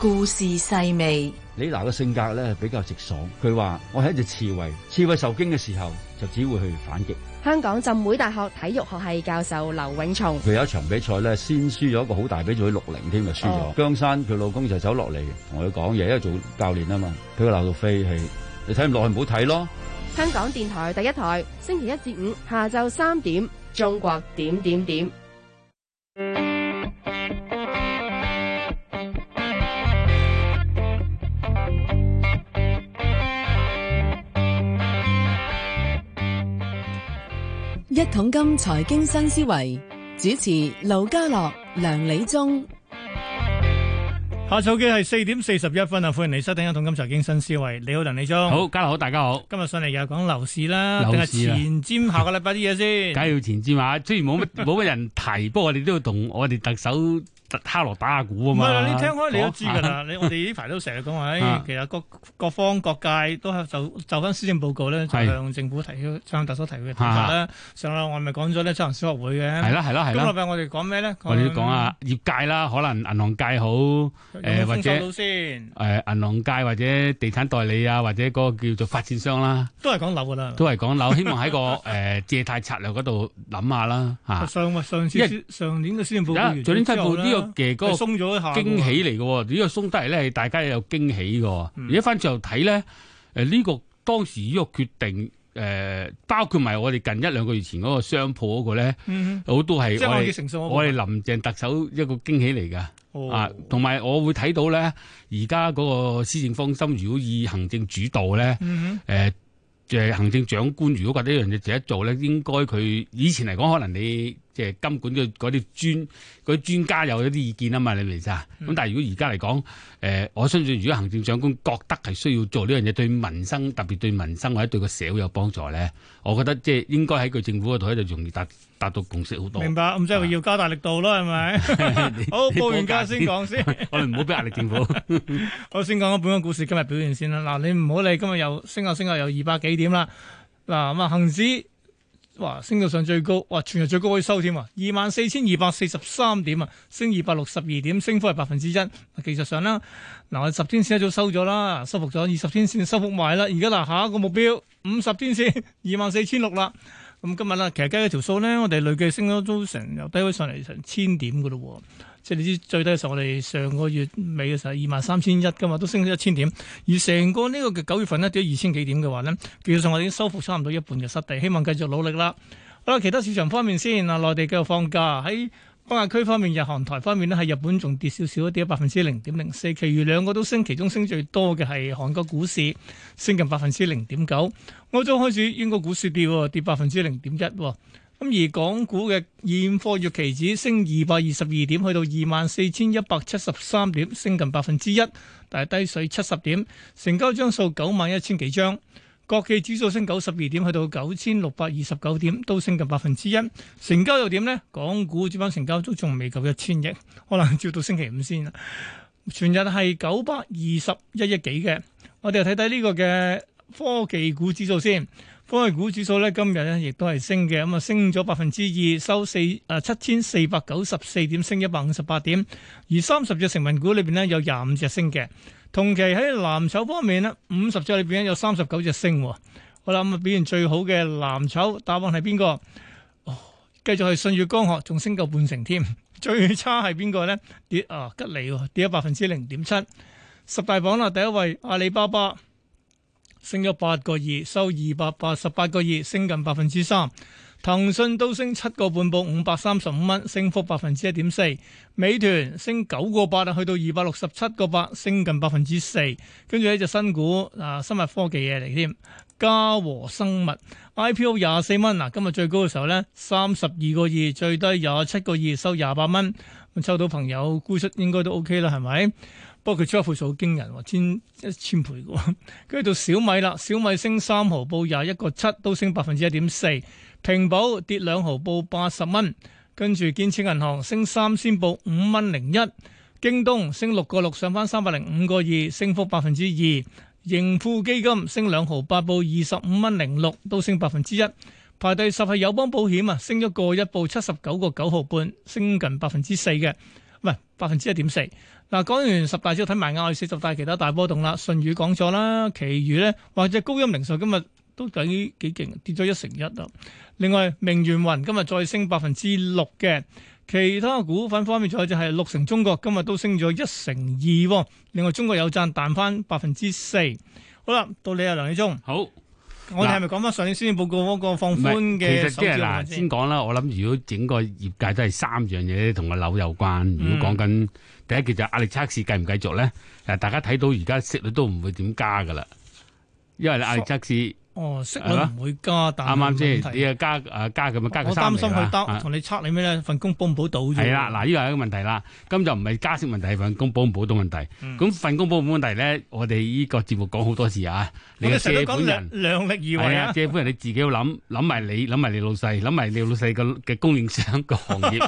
故事細微，李娜嘅性格咧比較直爽。佢話：我係一隻刺猬，刺猬受驚嘅時候就只會去反擊。香港浸會大學體育學系教授劉永松，佢有一場比賽咧先輸咗一個好大比數六零添，就輸咗。姜山佢老公就走落嚟同佢講嘢，因為做教練啊嘛，佢鬧到飛起，你睇唔落去唔好睇咯。香港電台第一台，星期一至五下晝三點，中國點點點。一桶金財經新思維，主持劉家樂、梁李忠，下手機係四點四十一分啊！歡迎你收聽一桶金財經新思維，你好，梁李忠，好，家樂好，大家好，今日上嚟又講樓市啦，樓市前瞻下個禮拜啲嘢先，梗係 要前瞻下，啊。雖然冇乜冇乜人提，不過 我哋都要同我哋特首。哈羅打下鼓啊嘛！唔係你聽開，你都知㗎啦。你我哋呢排都成日講話，其實各各方各界都係就就翻施政報告咧，就向政府提向特首提嘅要求咧。上落我係咪講咗咧，進行小學會嘅。係啦係啦係啦。咁落嚟我哋講咩咧？我哋都講下業界啦，可能銀行界好誒，或者誒銀行界或者地產代理啊，或者嗰個叫做發展商啦，都係講樓㗎啦，都係講樓。希望喺個誒借貸策略嗰度諗下啦嚇。上上次上年嘅施政報告完之後咧。嘅嗰個驚喜嚟嘅，呢個鬆得嚟咧，大家有驚喜嘅。而家翻轉頭睇咧，誒、這、呢個當時呢個決定，誒、呃、包括埋我哋近一兩個月前嗰個商鋪嗰個咧，好、嗯、哼都係我哋林鄭特首一個驚喜嚟嘅、哦、啊，同埋我會睇到咧，而家嗰個施政方針如果以行政主導咧，誒、嗯哼。呃即係行政長官，如果覺得呢樣嘢值得做咧，應該佢以前嚟講，可能你即係金管局嗰啲專嗰啲專家有一啲意見啊嘛，你明唔明啫？咁、嗯、但係如果而家嚟講，誒、呃，我相信如果行政長官覺得係需要做呢樣嘢，對民生特別對民生或者對個社會有幫助咧，我覺得即係應該喺佢政府嗰度喺度容易達。達到共識好多。明白，咁即係要加大力度咯，係咪？好，報完價先講先，我哋唔好俾壓力政府。我先講一本港股市今日表現先啦。嗱，你唔好理，今日又升下升下又二百幾點啦。嗱咁啊，恒指哇升到上最高哇，全日最高可以收添啊，二萬四千二百四十三點啊，升二百六十二點，升幅係百分之一。技術上啦，嗱，我十天線一早收咗啦，收復咗二十天線收復埋啦。而家嗱下一個目標五十天線二萬四千六啦。24, 咁今日啦，其實計條數咧，我哋累計升咗都成由低位上嚟成千點嘅咯喎，即係你知最低嘅時候，我哋上個月尾嘅時候係二萬三千一嘅嘛，都升咗一千點，而成個呢個九月份咧跌咗二千幾點嘅話咧，其實我哋已經收復差唔多一半嘅失地，希望繼續努力啦。好啦，其他市場方面先啊，內地繼續放假喺。東亞區方面，日韓台方面咧，係日本仲跌少少一啲，跌百分之零點零四。其餘兩個都升，其中升最多嘅係韓國股市，升近百分之零點九。歐洲開始英國股市跌，跌百分之零點一。咁而港股嘅現貨月期指升二百二十二點，去到二萬四千一百七十三點，升近百分之一，但係低水七十點，成交張數九萬一千幾張。國際指數升九十二點，去到九千六百二十九點，都升近百分之一。成交又點呢？港股主板成交都仲未夠一千億，可能要到星期五先啦。全日係九百二十一億幾嘅。我哋睇睇呢個嘅科技股指數先。科技股指數咧今日咧亦都係升嘅，咁啊升咗百分之二，收四誒七千四百九十四點，升一百五十八點。而三十隻成分股裏邊咧有廿五隻升嘅。同期喺藍籌方面咧，五十隻裏邊有三十九隻升。好啦，咁啊表現最好嘅藍籌，答案係邊個？哦，繼續係信越光學，仲升夠半成添。最差係邊個咧？跌啊，吉利跌咗百分之零點七。十大榜啦，第一位阿里巴巴，升咗八個二，收二百八十八個二，升近百分之三。騰訊都升七個半，報五百三十五蚊，升幅百分之一點四。美團升九個八啊，去到二百六十七個八，升近百分之四。跟住呢隻新股，啊生物科技嘢，嚟添，嘉和生物 IPO 廿四蚊。嗱、啊，今日最高嘅時候咧，三十二個二，最低廿七個二，收廿八蚊。抽到朋友，估出應該都 OK 啦，係咪？不過佢出貨數好驚人，千一千倍嘅。跟、啊、住到小米啦，小米升三毫，報廿一個七，都升百分之一點四。平保跌兩毫，報八十蚊。跟住建設銀行升三仙，報五蚊零一。京東升六個六，上返三百零五個二，升幅百分之二。盈富基金升兩毫八，報二十五蚊零六，都升百分之一。排第十係友邦保險啊，升咗個一，報七十九個九毫半，升近百分之四嘅，唔係百分之一點四。嗱，講完十大招睇埋亞四十大其他大波動啦。順宇講咗啦，其餘呢，或者高鑫零售今日。都等於幾勁，跌咗一成一啦。另外，明源雲今日再升百分之六嘅。其他股份方面，仲有就係六成中國今日都升咗一成二。另外，中國有贊彈翻百分之四。好啦，到你啊，梁宇忠。好，我哋係咪講翻上年先報告嗰個放寬嘅？唔係，其實即係嗱，先講啦。我諗如果整個業界都係三樣嘢同個樓有關。如果講緊第一件事，壓力測試繼唔繼續咧？嗱，大家睇到而家息率都唔會點加㗎啦，因為壓力測試。哦，息率唔會加，但係啱唔啱先？你啊加啊加咁啊加佢三厘啊！我擔心佢得同你測你咩咧？份工保唔保到啫？係啦，嗱，依個係一個問題啦。咁就唔係加息問題，係份工保唔保到問題。咁份工保唔保到問題咧，我哋依個節目講好多次啊。你嘅借款人量量力而為啊！借款人你自己要諗諗埋你，諗埋你老細，諗埋你老細嘅嘅供應商個行業。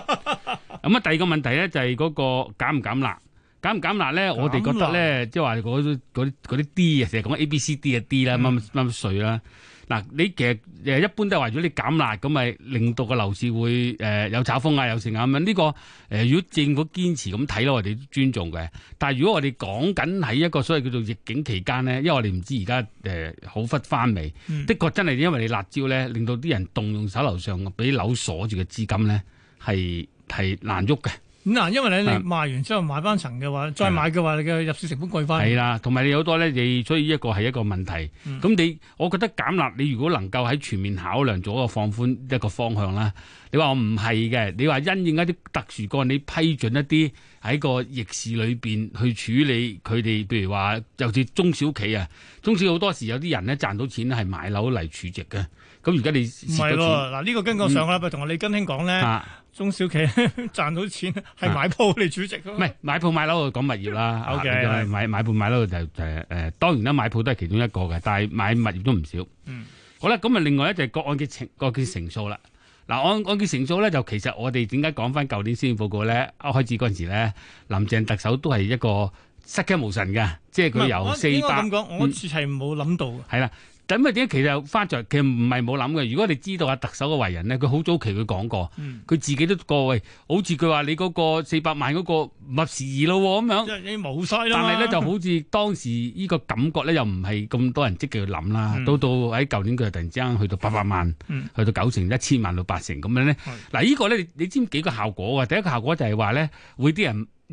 咁啊，第二個問題咧就係嗰個減唔減啦。減唔減辣咧？我哋覺得咧，即係話嗰啲啲啊，成日講 A B C D 啊、嗯，啲啦，乜乜乜稅啦。嗱，你其實誒一般都係話如果你減辣，咁咪令到個樓市會誒、呃、有炒風啊，有成咁樣。呢、呢個誒、呃，如果政府堅持咁睇咧，我哋尊重嘅。但係如果我哋講緊喺一個所謂叫做逆境期間咧，因為我哋唔知而家誒好忽翻未。嗯、的確真係因為你辣椒咧，令到啲人動用手樓上俾樓鎖住嘅資金咧，係係難喐嘅。嗱，因為咧，你賣完之後買翻層嘅話，的再買嘅話，你嘅入市成本貴翻。係啦，同埋你好多咧，你所以一個係一個問題。咁、嗯、你，我覺得減辣，你如果能夠喺全面考量咗個放寬一個方向啦。你話我唔係嘅，你話因應一啲特殊個案，你批准一啲喺個逆市裏邊去處理佢哋，譬如話，尤其是中小企啊，中小企好多時有啲人咧賺到錢係買樓嚟儲值嘅。咁而家你唔係咯？嗱，呢、這個根據上個禮拜同我李根興講咧。嗯啊中小企賺 到錢，係買鋪你主席咯。唔係、啊、買鋪買樓，講物業啦。 o Okay , K，買買鋪買樓就誒、是、誒、呃，當然啦，買鋪都係其中一個嘅，但係買物業都唔少，嗯。嗯，好啦，咁啊，另外咧就係按揭嘅成按揭成數啦。嗱，按按揭成數咧，就其實我哋點解講翻舊年施政報告咧，開始嗰陣時咧，林鄭特首都係一個失驚無神嘅，即係佢由四，應該咁講，我係冇諗到係啦。嗯咁啊？點解其實翻着，其實唔係冇諗嘅。如果你知道阿特首嘅為人咧，佢好早期佢講過，佢、嗯、自己都講喂，好似佢話你嗰個四百萬嗰個唔合時咯咁樣。你冇曬啦。但係咧就好似當時呢個感覺咧，又唔係咁多人積極去諗啦。嗯、到到喺舊年佢又突然之間去到八百萬，嗯、去到九成、一千萬到、到八成咁樣咧。嗱、嗯，個呢個咧你你知唔知幾個效果啊？第一個效果就係話咧，會啲人。誒，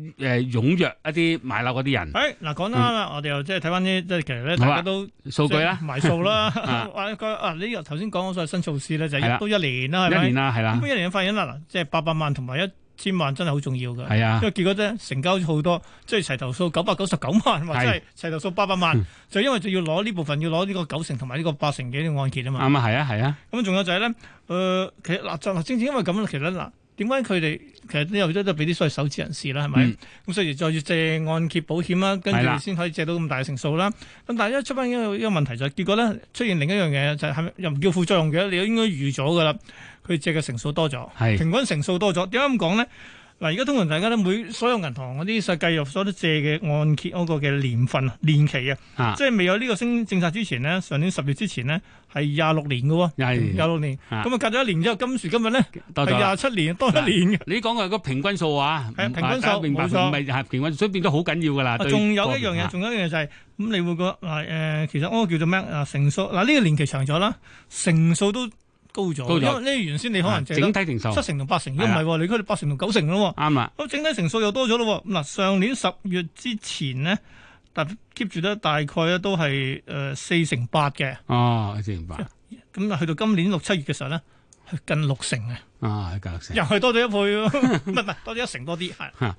踴躍一啲買樓嗰啲人。誒，嗱，講啱啦，我哋又即係睇翻啲，即係其實咧，大家都數據啦，埋數啦。啊，呢個頭先講嗰個新措施咧，就都一年啦，係咪？一年啦，係啦。咁一年有發現啦，嗱，即係八百萬同埋一千萬真係好重要噶。係啊，因為結果咧，成交好多，即係齊頭數九百九十九萬，或者係齊頭數八百萬，就因為就要攞呢部分，要攞呢個九成同埋呢個八成嘅啲案件啊嘛。啱啊，係啊，係啊。咁仲有就係咧，誒，其實嗱，正正因為咁咧，其實嗱。點解佢哋其實都有都都俾啲所謂首置人士啦，係咪？咁、嗯、所以再要借按揭保險啦，跟住先可以借到咁大嘅成數啦。咁的但係一出返一個一個問題就係、是，結果咧出現另一樣嘢就係、是、又唔叫副作用嘅，你應該預咗㗎喇。佢借嘅成數多咗，的平均成數多咗。點解咁講咧？嗱，而家通常大家都每所有銀行嗰啲實際入所都借嘅按揭嗰個嘅年份、年期啊，即係未有呢個新政策之前呢，上年十月之前呢，係廿六年嘅喎，廿六是年，咁啊隔咗一年之後，今時今日咧係廿七年，多一年。你講嘅係個平均數啊，係、啊、平均數，冇錯，唔係平均數，所以變得好緊要㗎啦。仲有一樣嘢，仲、啊、有一樣嘢就係、是、咁，你會覺得嗱誒、呃，其實嗰個叫做咩啊？成數嗱呢、呢個年期長咗啦，成數都，高咗，高了，因為呢原先你可能整體成數七成同八成，如果唔係，你佢哋八成同九成咯。啱啦的。咁整體成數又多咗咯。嗱的，上年十月之前呢，但 keep 住咧，大概咧都係誒四成八嘅。哦，四成八。咁啊，去到今年六七月嘅時候咧，近六成啊。啊，近六成。哦、六成又係多咗一倍咯。 唔係，多咗一成多啲。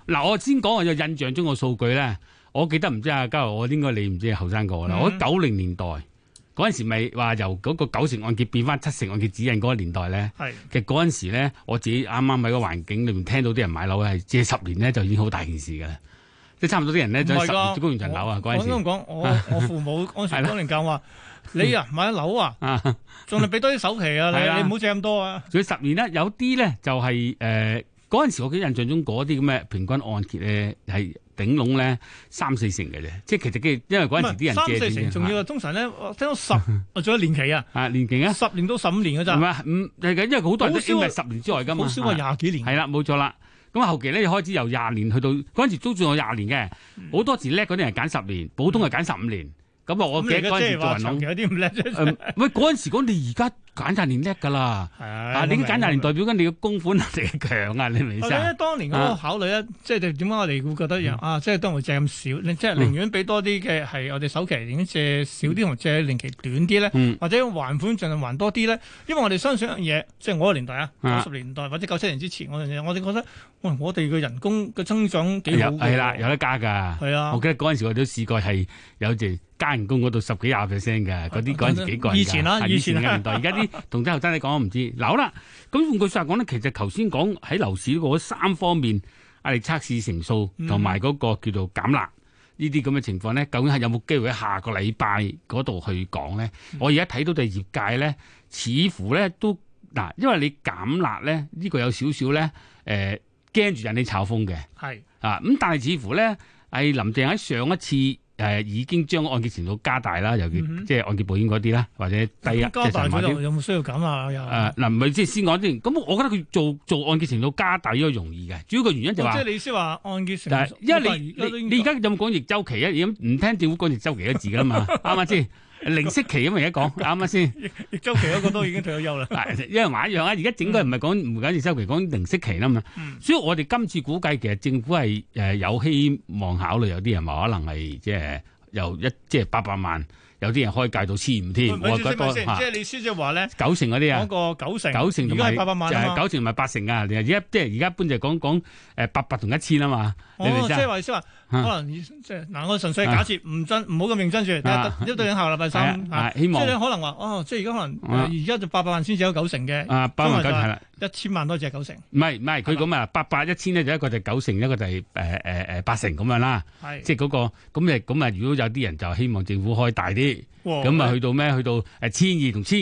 嗱， 我先講我嘅印象中個數據咧，我記得唔知阿嘉，我應該你唔知後生個啦，我九零年代。嗰陣時咪話由嗰個九成按揭變翻七成按揭指引嗰個年代咧，是其實嗰陣時咧，我自己啱啱喺個環境裏面聽到啲人買樓係借十年咧，就已經好大件事嘅啦。即係差唔多啲人咧，就十年供完層樓啊。嗰陣我時我我，我，我父母可能教話： 的你啊買樓啊，仲 的要俾多啲首期啊！你 的你唔好借咁多啊！所以十年咧，有啲咧就係誒嗰陣時我記印象中嗰啲咁嘅平均按揭咧係。整籠咧三四成嘅啫，即係其實因為嗰陣時啲人借咗，仲要通常咧，我聽到十，我仲有年期啊，啊年期啊，十年到十五年嘅咋，係唔係因為好多人都認為十年之外噶嘛，好少話廿幾年，係啦，冇錯啦。咁後期咧又開始由廿年去到，嗰陣時租住我廿年嘅，好多時叻嗰啲人揀十年，普通係揀十五年，咁啊，我記得做人攏有啲咁叻喂，嗰陣時講你而家。簡大年叻噶啦，啊！你嘅簡大年代表緊你嘅供款能力強啊，你明唔明先？我當年我考慮咧，即係點解我哋會覺得樣啊？即係當我借咁少，即係寧願俾多啲嘅係我哋首期，寧願借少啲同借年期短啲咧，或者還款盡量還多啲咧。因為我哋相信一樣嘢，即係我個年代啊，九十年代或者九七年之前嗰陣我哋覺得喂，我哋嘅人工嘅增長幾好係啦，有得加㗎。係啊，我記得嗰陣時我哋都試過係有成加人工嗰度十幾廿 percent 嘅，嗰啲嗰陣時幾貴㗎。以前啦，以前嘅年代，而家同周 後生你講唔知。嗱，好啦，咁換句話講咧，其實頭先講喺樓市嗰三方面，壓力測試成數同埋嗰個叫做減辣，呢啲咁嘅情況咧，究竟係有冇機會喺下個禮拜嗰度去講？咧，我而家睇到嘅業界咧，似乎咧都嗱，因為你減辣咧，呢個有少少咧，誒，驚住引起炒風嘅。係啊，咁，但係似乎咧，誒，林鄭喺上一次。係已經將按揭程度加大啦，尤其即係按揭保險嗰啲啦，或者第啊，即係唔有冇需要咁啊？呃、又嗱，唔係即係先講先，咁我覺得佢做做按揭程度加大咗容易嘅，主要個原因就話即係你先話按揭程度，但因為你在你你而家有冇講逆周期啊？而家唔聽政府講逆周期嘅字啊嘛，啱唔啱先？ 零息期咁而家講啱啱先？周期嗰個都已經退咗休啦。係，一人買一樣啊！而家整個唔係講唔緊要，周期講零息期啦嘛。嗯。所以我哋今次估計，其實政府係誒有希望考慮，有啲人話可能係即係由一即係八百萬，有啲人可以介到千五添。你唔識唔識先？即係你思哲話咧，九成嗰啲啊，嗰個九成九成，如果八百萬啊嘛，九成同埋八成啊。而家即係而家一般就講講誒八百同一千啦嘛。哦，即係話可能即係嗱，我純粹假設唔真，唔好咁認真住。一對下個禮拜三，即係可能話哦，即係而家可能而家就八百萬先至有九成嘅，啊，八萬九成係啦，一千萬都只九成。唔係唔係，佢咁啊，八百一千咧就一個就九成，一個就誒誒誒八成咁樣啦。即係嗰個咁誒咁啊。如果有啲人就希望政府開大啲，咁啊去到咩？去到誒千二同千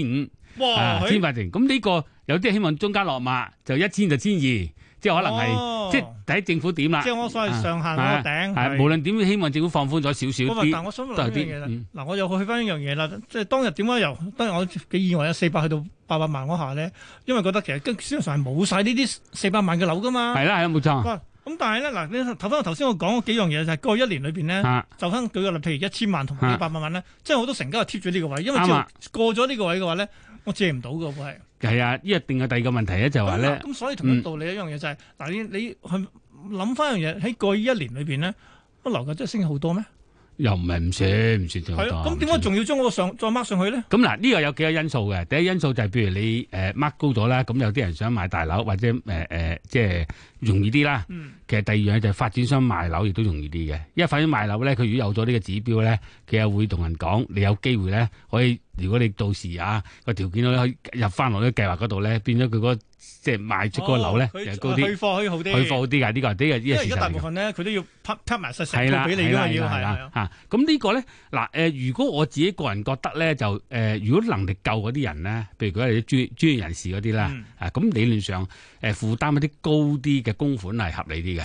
五，千八成。咁呢個有啲希望中間落馬就一千就千二。即係可能係，即係睇政府點啦。即係我所謂上限個頂。係無論點，希望政府放寬咗少少。但我想問呢啲嘢，嗱，我又去翻一樣嘢啦。即係當日點解由當日我嘅以為有四百去到八百萬嗰下咧？因為覺得其實基本上係冇晒呢啲四百萬嘅樓噶嘛。係啦，係啦，冇錯。咁但係咧，嗱，你頭翻頭先我講嗰幾樣嘢，就係過去一年裏邊咧，就翻舉個例，譬如一千萬同八百萬咧，即係好多成交係貼住呢個位，因為過咗呢個位嘅話咧，我借唔到嘅會係。係啊，呢一定係第二個問題咧，就話、是、咧，咁、嗯嗯、所以同個道理一樣嘢就係、是，嗱你你係諗翻一樣嘢喺過去一年裏邊咧，樓價真係升咗好多咩？又唔係唔算唔算咁多？咁點解仲要將個上再 mark 上去咧？咁嗱、嗯，呢、這個有幾個因素嘅，第一因素就係、是、譬如你誒 mark、呃、高咗啦，咁有啲人想買大樓或者誒誒、呃呃，即係容易啲啦。嗯其實第二樣就係發展商賣樓亦都容易啲嘅，因為發展賣樓咧，佢如果有咗呢個指標咧，佢又會同人講，你有機會咧，可以如果你到時啊個條件可以入翻落啲計劃嗰度咧，變咗佢嗰即係賣出嗰個樓咧，高啲。退貨可以好啲，退貨好啲噶呢個，呢個呢個。大部分咧，佢都要 c u 埋細食度俾你噶要係啊，咁呢個咧嗱，誒，如果我自己個人覺得咧，就誒，如果能力夠嗰啲人咧，譬如佢係啲專專業人士嗰啲啦，咁理論上誒負擔一啲高啲嘅供款係合理啲。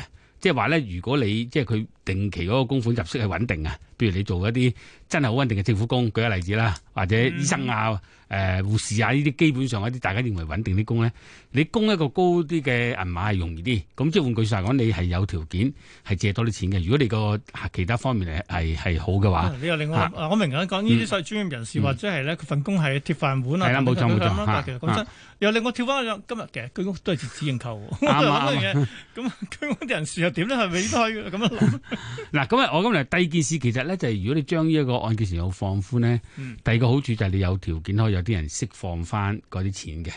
即係話，咧，如果你即係佢。定期嗰個供款入息係穩定啊，譬如你做一啲真係好穩定嘅政府工，舉個例子啦，或者醫生啊、誒護士啊呢啲，基本上一啲大家認為穩定啲工咧，你供一個高啲嘅銀碼係容易啲。咁即係換句話講，你係有條件係借多啲錢嘅。如果你個其他方面係係好嘅話，你又另外我明嘅講呢啲所謂專業人士，或者係咧份工係鐵飯碗啊，冇錯冇錯。但係其實講真，又令我跳翻去今日嘅，居屋都係截止認購。啱啱嘅咁居屋啲人士又點咧，係未退嘅咁樣諗。嗱，咁啊， 我咁嚟，第二件事其實咧，就係、是、如果你將呢一個按揭前有放寬咧，嗯、第二個好處就係你有條件可以有啲人釋放翻嗰啲錢嘅，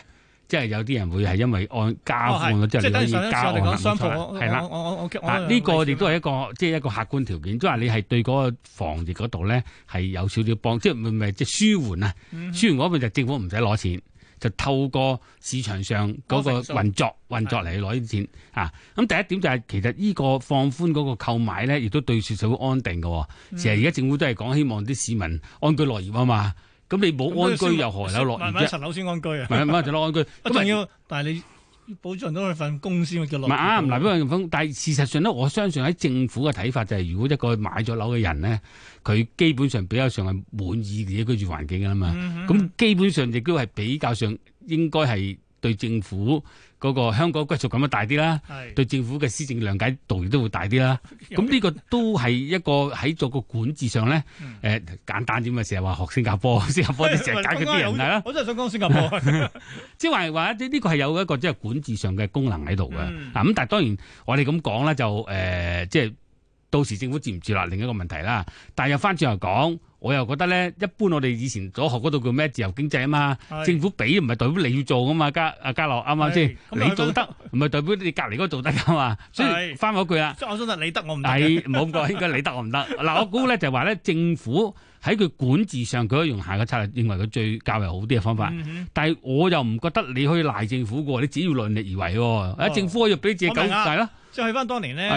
即係有啲人會係因為按加款咯、哦是，即你可以交定係啦，我呢、啊、個我哋都係一個即係、就是、一個客觀條件，即係你係對嗰個防疫嗰度咧係有少少幫，即係咪咪即係舒緩啊？舒緩嗰邊就政府唔使攞錢。就透過市場上嗰個運作運作嚟攞啲錢的啊！咁第一點就係、是、其實呢個放寬嗰個購買咧，亦都對住社會安定嘅、哦。嗯、其實而家政府都係講希望啲市民安居樂業啊嘛。咁你冇安居、嗯、又何來有樂業？買買層樓先安居啊！買買層樓安居，咁要但係你。保障到佢份工先叫落。唔係啊，唔嗱，不如講，但係事實上咧，我相信喺政府嘅睇法就係、是，如果一個買咗樓嘅人咧，佢基本上比較上係滿意自己居住環境㗎嘛。咁、嗯、哼基本上亦都係比較上應該係。對政府嗰個香港歸屬感噉樣大啲啦，是對政府嘅施政諒解度亦都會大啲啦。咁呢 有點 個都係一個喺做個管治上咧，誒、 嗯，簡單啲咪成日話學新加坡，新加坡啲成日解決啲人係啦。我真係想講新加坡，即係話話一呢個係有一個即係管治上嘅功能喺度嘅。嗱咁、嗯啊，但係當然我哋咁講咧就誒、呃，即係。到時政府接唔住啦，另一個問題啦。但係又翻轉嚟講，我又覺得咧，一般我哋以前所學嗰度叫咩自由經濟啊嘛。是政府俾唔係代表你要做啊嘛。加阿加樂啱唔啱先？是你做得唔係是代表你隔離嗰個做得㗎嘛？所以翻返句啊，是我相信你得我唔得。你冇錯，應該你得我唔得。嗱， 我估咧就係話咧，政府喺佢管治上，佢可以用下個策略，認為佢最較為好啲嘅方法。嗯、哼但係我又唔覺得你可以賴政府㗎，你只要量力而為喎。哦、政府可以俾自己、哦、我要俾隻狗大啦。再去翻當年咧，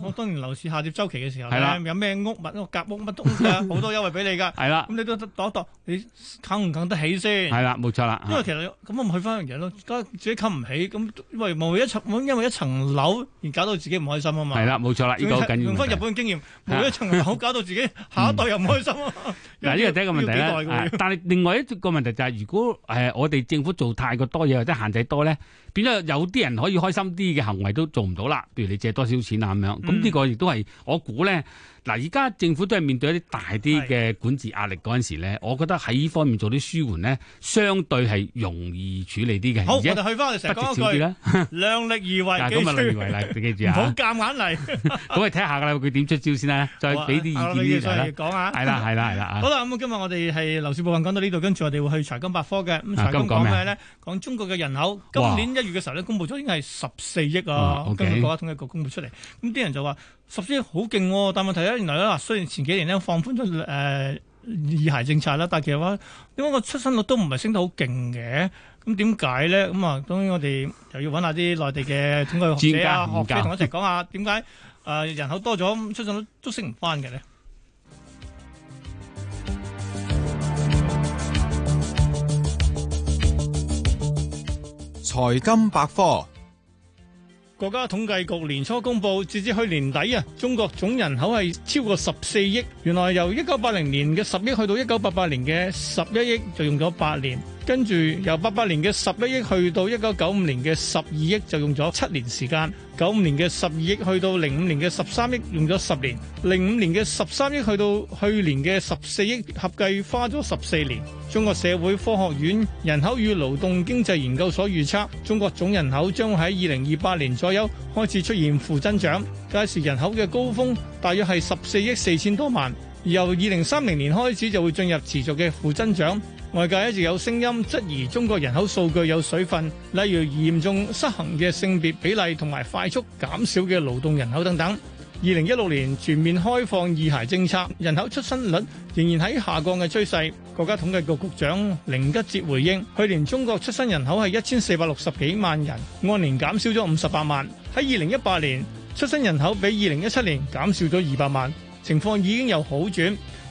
我當年樓市下跌週期嘅時候咧，有咩屋物咯，夾屋乜東嘅好多優惠俾你㗎。係啦，咁你都度一度，你冚唔冚得起先？係啦，冇錯啦。因為其實咁我咪去翻人咯，家自己冚唔起，咁喂無一層，因為一層樓而搞到自己唔開心啊嘛。係啦，冇錯啦，呢個好緊要。用翻日本嘅經驗，冇一層樓搞到自己下一代又唔開心啊。嗱，呢個第一個問題。但係另外一個問題就係，如果誒我哋政府做太過多嘢或者限制多咧，變咗有啲人可以開心啲嘅行為都做唔到啦。你借多少錢啊？咁樣，咁呢、嗯、個亦都係，我估咧。嗱，而家政府都係面對一啲大啲嘅管治壓力嗰陣時咧，我覺得喺呢方面做啲舒緩咧，相對係容易處理啲嘅。好，我哋去翻我哋成日講一句啦，量力而為，記住啊，唔好夾硬嚟。咁啊，睇下啦，佢點出招先啦？再俾啲意見啲人講啊。係啦，係啦，係啦。好啦，咁啊，今日我哋係樓市部分講到呢度，跟住我哋會去財金百科嘅。咁講咩咧？講中國嘅人口，今年一月嘅時候咧，公布咗已經係十四億啊。根據國家統計局公布出嚟，咁啲人就話。實質好勁，但問題咧，原來咧嗱，雖然前幾年咧放寬咗誒二孩政策啦，但其實話點解個出生率都唔係升得好勁嘅？咁點解咧？咁啊，當然我哋又要揾下啲內地嘅經濟學者啊學者同我一齊講下點解誒人口多咗，出生率都升唔翻嘅咧？財經百科。國家統計局年初公佈，截至去年底啊，中國總人口係超過十四億。原來由一九八零年嘅十億去到一九八八年嘅十一億，就用咗八年。跟住由八八年嘅十一億去到一九九五年嘅十二億，就用咗七年時間；九五年嘅十二億去到零五年嘅十三億，用咗十年；零五年嘅十三億去到去年嘅十四億，合計花咗十四年。中國社會科學院人口與勞動經濟研究所預測，中國總人口將喺二零二八年左右開始出現負增長，屆時人口嘅高峰大約係十四億四千多萬，由二零三零年開始就會進入持續嘅負增長。外界一直有聲音質疑中國人口數據有水分，例如嚴重失衡嘅性別比例同埋快速減少嘅勞動人口等等。2016年全面開放二孩政策，人口出生率仍然喺下降嘅趨勢。國家統計局局長寧吉喆回應：去年中國出生人口係1460幾萬人，按年減少咗58萬。喺2018年，出生人口比2017年減少咗200萬，情況已經有好轉。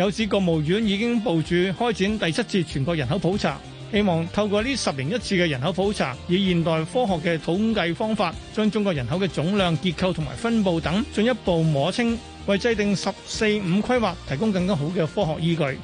有指國務院已經部署開展第七次全國人口普查，希望透過呢十年一次嘅人口普查，以現代科學嘅統計方法，將中國人口嘅總量、結構同埋分布等進一步摸清，為制定“十四五”規劃提供更加好嘅科學依據。